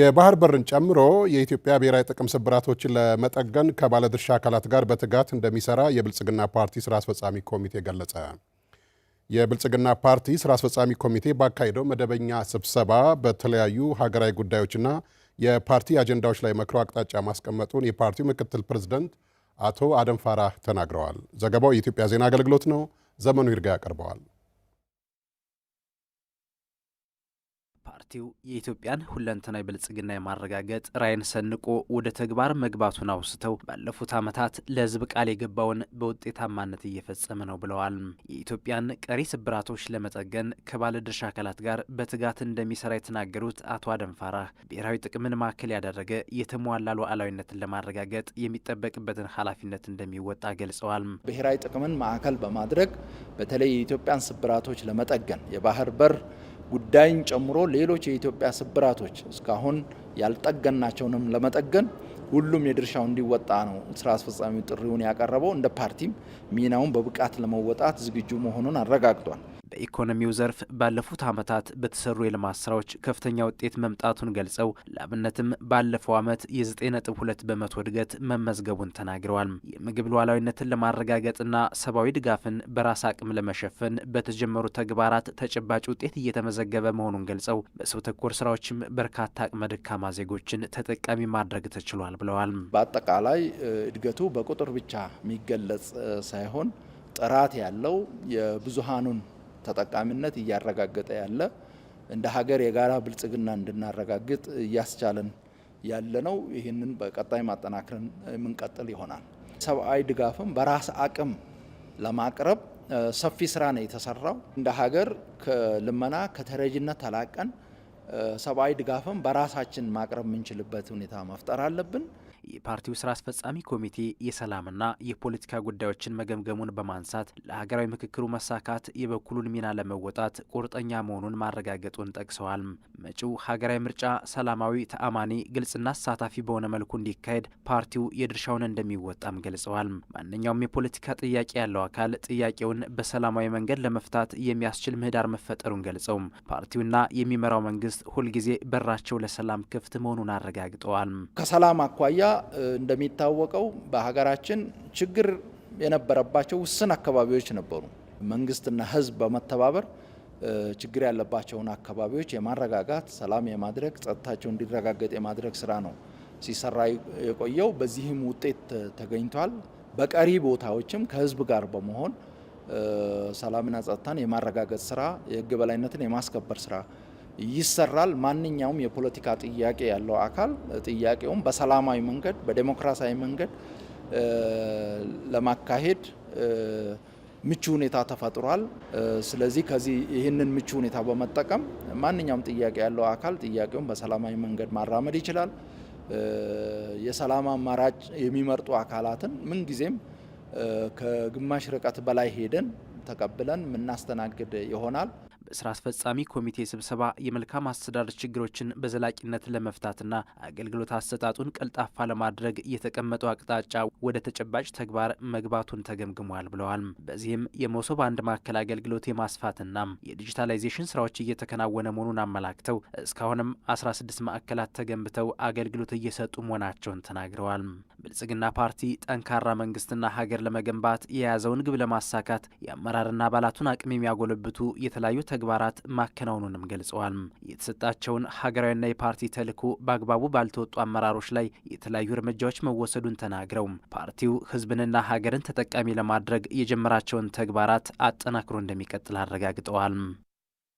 የባህር በርን ጨምሮ የኢትዮጵያ ብሔራዊ ጥቅም ስብራቶችን ለመጠገን ከባለድርሻ አካላት ጋር በትጋት እንደሚሰራ የብልጽግና ፓርቲ ስራ አስፈጻሚ ኮሚቴ ገለጸ። የብልጽግና ፓርቲ ስራ አስፈጻሚ ኮሚቴ ባካሄደው መደበኛ ስብሰባ በተለያዩ ሀገራዊ ጉዳዮችና የፓርቲ አጀንዳዎች ላይ መክሮ አቅጣጫ ማስቀመጡን የፓርቲው ምክትል ፕሬዝደንት አቶ አደም ፋራህ ተናግረዋል። ዘገባው የኢትዮጵያ ዜና አገልግሎት ነው። ዘመኑ ይርጋ ያቀርበዋል። ፓርቲው የኢትዮጵያን ሁለንተናዊ ብልጽግና የማረጋገጥ ራዕይን ሰንቆ ወደ ተግባር መግባቱን አውስተው ባለፉት ዓመታት ለሕዝብ ቃል የገባውን በውጤታማነት እየፈጸመ ነው ብለዋል። የኢትዮጵያን ቀሪ ስብራቶች ለመጠገን ከባለድርሻ አካላት ጋር በትጋት እንደሚሰራ የተናገሩት አቶ አደንፋራህ ብሔራዊ ጥቅምን ማዕከል ያደረገ የተሟላ ሉዓላዊነትን ለማረጋገጥ የሚጠበቅበትን ኃላፊነት እንደሚወጣ ገልጸዋል። ብሔራዊ ጥቅምን ማዕከል በማድረግ በተለይ የኢትዮጵያን ስብራቶች ለመጠገን የባህር በር ጉዳይን ጨምሮ ሌሎች የኢትዮጵያ ስብራቶች እስካሁን ያልጠገናቸውንም ለመጠገን ሁሉም የድርሻው እንዲወጣ ነው ስራ አስፈጻሚ ጥሪውን ያቀረበው። እንደ ፓርቲም ሚናውን በብቃት ለመወጣት ዝግጁ መሆኑን አረጋግጧል። በኢኮኖሚው ዘርፍ ባለፉት ዓመታት በተሰሩ የልማት ስራዎች ከፍተኛ ውጤት መምጣቱን ገልጸው ለአብነትም ባለፈው ዓመት የ9.2 በመቶ እድገት መመዝገቡን ተናግረዋል። የምግብ ሉዓላዊነትን ለማረጋገጥና ሰብአዊ ድጋፍን በራስ አቅም ለመሸፈን በተጀመሩ ተግባራት ተጨባጭ ውጤት እየተመዘገበ መሆኑን ገልጸው በሰው ተኮር ስራዎችም በርካታ አቅመ ደካማ ዜጎችን ተጠቃሚ ማድረግ ተችሏል ብለዋል። በአጠቃላይ እድገቱ በቁጥር ብቻ የሚገለጽ ሳይሆን ጥራት ያለው የብዙሃኑን ተጠቃሚነት እያረጋገጠ ያለ እንደ ሀገር የጋራ ብልጽግና እንድናረጋግጥ እያስቻለን ያለ ነው። ይህንን በቀጣይ ማጠናከርን የምንቀጥል ይሆናል። ሰብአዊ ድጋፍም በራስ አቅም ለማቅረብ ሰፊ ስራ ነው የተሰራው። እንደ ሀገር ከልመና ከተረጅነት ተላቀን ሰብአዊ ድጋፍም በራሳችን ማቅረብ የምንችልበት ሁኔታ መፍጠር አለብን። የፓርቲው ስራ አስፈጻሚ ኮሚቴ የሰላምና የፖለቲካ ጉዳዮችን መገምገሙን በማንሳት ለሀገራዊ ምክክሩ መሳካት የበኩሉን ሚና ለመወጣት ቁርጠኛ መሆኑን ማረጋገጡን ጠቅሰዋል። መጪው ሀገራዊ ምርጫ ሰላማዊ፣ ተአማኒ፣ ግልጽና አሳታፊ በሆነ መልኩ እንዲካሄድ ፓርቲው የድርሻውን እንደሚወጣም ገልጸዋል። ማንኛውም የፖለቲካ ጥያቄ ያለው አካል ጥያቄውን በሰላማዊ መንገድ ለመፍታት የሚያስችል ምህዳር መፈጠሩን ገልጸው ፓርቲውና የሚመራው መንግስት ሁልጊዜ በራቸው ለሰላም ክፍት መሆኑን አረጋግጠዋል። ከሰላም አኳያ እንደሚታወቀው በሀገራችን ችግር የነበረባቸው ውስን አካባቢዎች ነበሩ። መንግስትና ህዝብ በመተባበር ችግር ያለባቸውን አካባቢዎች የማረጋጋት ሰላም የማድረግ ጸጥታቸው እንዲረጋገጥ የማድረግ ስራ ነው ሲሰራ የቆየው። በዚህም ውጤት ተገኝቷል። በቀሪ ቦታዎችም ከህዝብ ጋር በመሆን ሰላምና ጸጥታን የማረጋገጥ ስራ፣ የህግ በላይነትን የማስከበር ስራ ይሰራል። ማንኛውም የፖለቲካ ጥያቄ ያለው አካል ጥያቄውም በሰላማዊ መንገድ በዴሞክራሲያዊ መንገድ ለማካሄድ ምቹ ሁኔታ ተፈጥሯል። ስለዚህ ከዚህ ይህንን ምቹ ሁኔታ በመጠቀም ማንኛውም ጥያቄ ያለው አካል ጥያቄውን በሰላማዊ መንገድ ማራመድ ይችላል። የሰላም አማራጭ የሚመርጡ አካላትን ምንጊዜም ከግማሽ ርቀት በላይ ሄደን ተቀብለን የምናስተናግድ ይሆናል። ስራ አስፈጻሚ ኮሚቴ ስብሰባ የመልካም አስተዳደር ችግሮችን በዘላቂነት ለመፍታትና አገልግሎት አሰጣጡን ቀልጣፋ ለማድረግ የተቀመጠው አቅጣጫ ወደ ተጨባጭ ተግባር መግባቱን ተገምግሟል ብለዋል። በዚህም የመሶብ አንድ ማዕከል አገልግሎት የማስፋትና የዲጂታላይዜሽን ስራዎች እየተከናወነ መሆኑን አመላክተው እስካሁንም 16 ማዕከላት ተገንብተው አገልግሎት እየሰጡ መሆናቸውን ተናግረዋል። ብልጽግና ፓርቲ ጠንካራ መንግስትና ሀገር ለመገንባት የያዘውን ግብ ለማሳካት የአመራርና አባላቱን አቅም የሚያጎለብቱ የተለያዩ ተግባራት ማከናወኑንም ገልጸዋል። የተሰጣቸውን ሀገራዊና የፓርቲ ተልዕኮ በአግባቡ ባልተወጡ አመራሮች ላይ የተለያዩ እርምጃዎች መወሰዱን ተናግረው ፓርቲው ህዝብንና ሀገርን ተጠቃሚ ለማድረግ የጀመራቸውን ተግባራት አጠናክሮ እንደሚቀጥል አረጋግጠዋል።